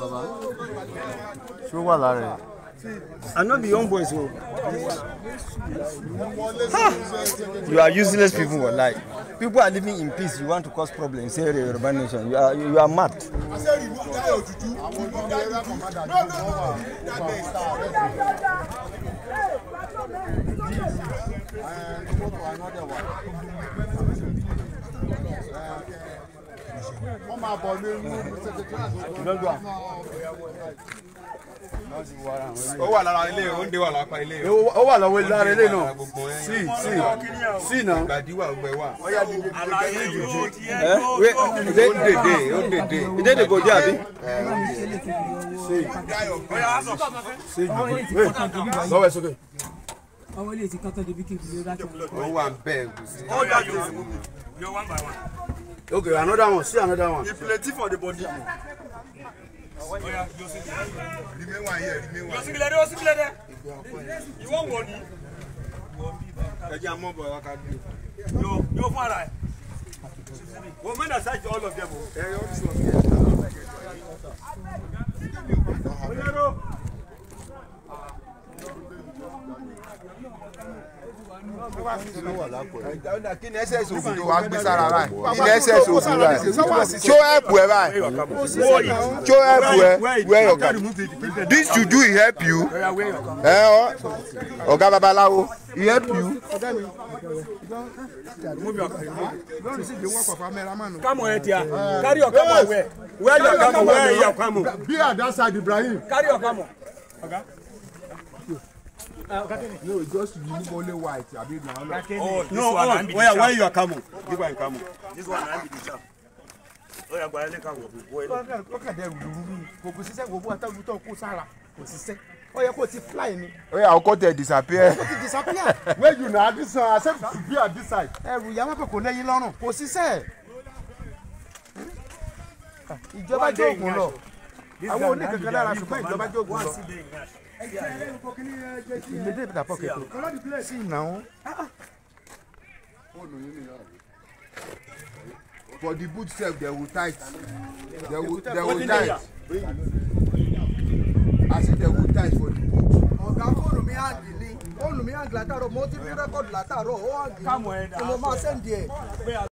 bàbá ṣé ó wà lára ẹ̀. young boys o. You are useless people Like People are living in peace. You want to cause problems. Say the Yoruba nation. You are you are mad. And go to another one wọ́n máa bọ̀ ní inú lọ́dọ̀ à. ó wà lára ilé oúnjẹ wà lápá ilé. ó wà lọ́wọ́ lára ilé náà sí sí sí náà. ìgbàdí wà gbẹ wà. àlàyé yóò di ẹ lóòótọ́. ó dèdè ó dèdè. ìdèdè kò jẹ́ àbí. lọ́wọ́ ẹ sókè ọwọ́ ilé ti kọ́tọ́ débi kí n fi lè rájà. ó wà bẹ́ẹ̀ kò sí. ó yọ àjò yọ one by one. Okay, another one. See another one. He plenty for the body. Oh yeah, you Remain one. You want one? Ẹja mọ bọ̀ wá ká gbé. Yóò yóò fún ara ẹ̀. Wọ́n mẹ́ta ṣáàjì all of them o. Ẹ this juju he help you ẹ ọ he help you. kámọ̀ ẹ tíya kárí ọ̀kámọ̀ wẹ̀ wẹ́ẹ̀ yọ̀kámọ̀ wẹ́ẹ̀ yọ̀kámọ̀. bí àdá sadi Ibrahim. kárí ọ̀kámọ̀. No, just you remove only white. I mean, now. Oh, no, one, oh, where, are where you are coming? This one coming. This one, I'm the chap. ó yà gbalẹ̀ ká wò wò ẹ̀. ó kà dẹ̀ rúurú kò kò síṣẹ́ gbogbo àtàwọn tó kó sára kò síṣẹ́ ó yẹ kó ti fly ni. ó yà ọkọ tẹ disappear. ó ti disappear. wey you na this one accept to be at this side. ẹrù ìyá wọn pé kò lẹ́yìn lọ́rùn kò síṣẹ́. ìjọba jẹ́ òògùn lọ àwọn oníkankan lára ṣùgbọ́n ìjọba jókòó lọ. ìmẹ̀dẹ́ ìbẹ̀dà pọ̀ kẹ́tọ́ sí ìnáwó. Oh. Ah, ah. for the boot sef they will tight they will they will tight as if they will tight for the boot. ọ̀gá fóònù mi àgì ni fóònù mi àgì látàrọ̀ mo ti rí rẹ́kọ̀dù látàrọ̀ ó àgì ni mo máa sẹ́ǹdì ẹ̀.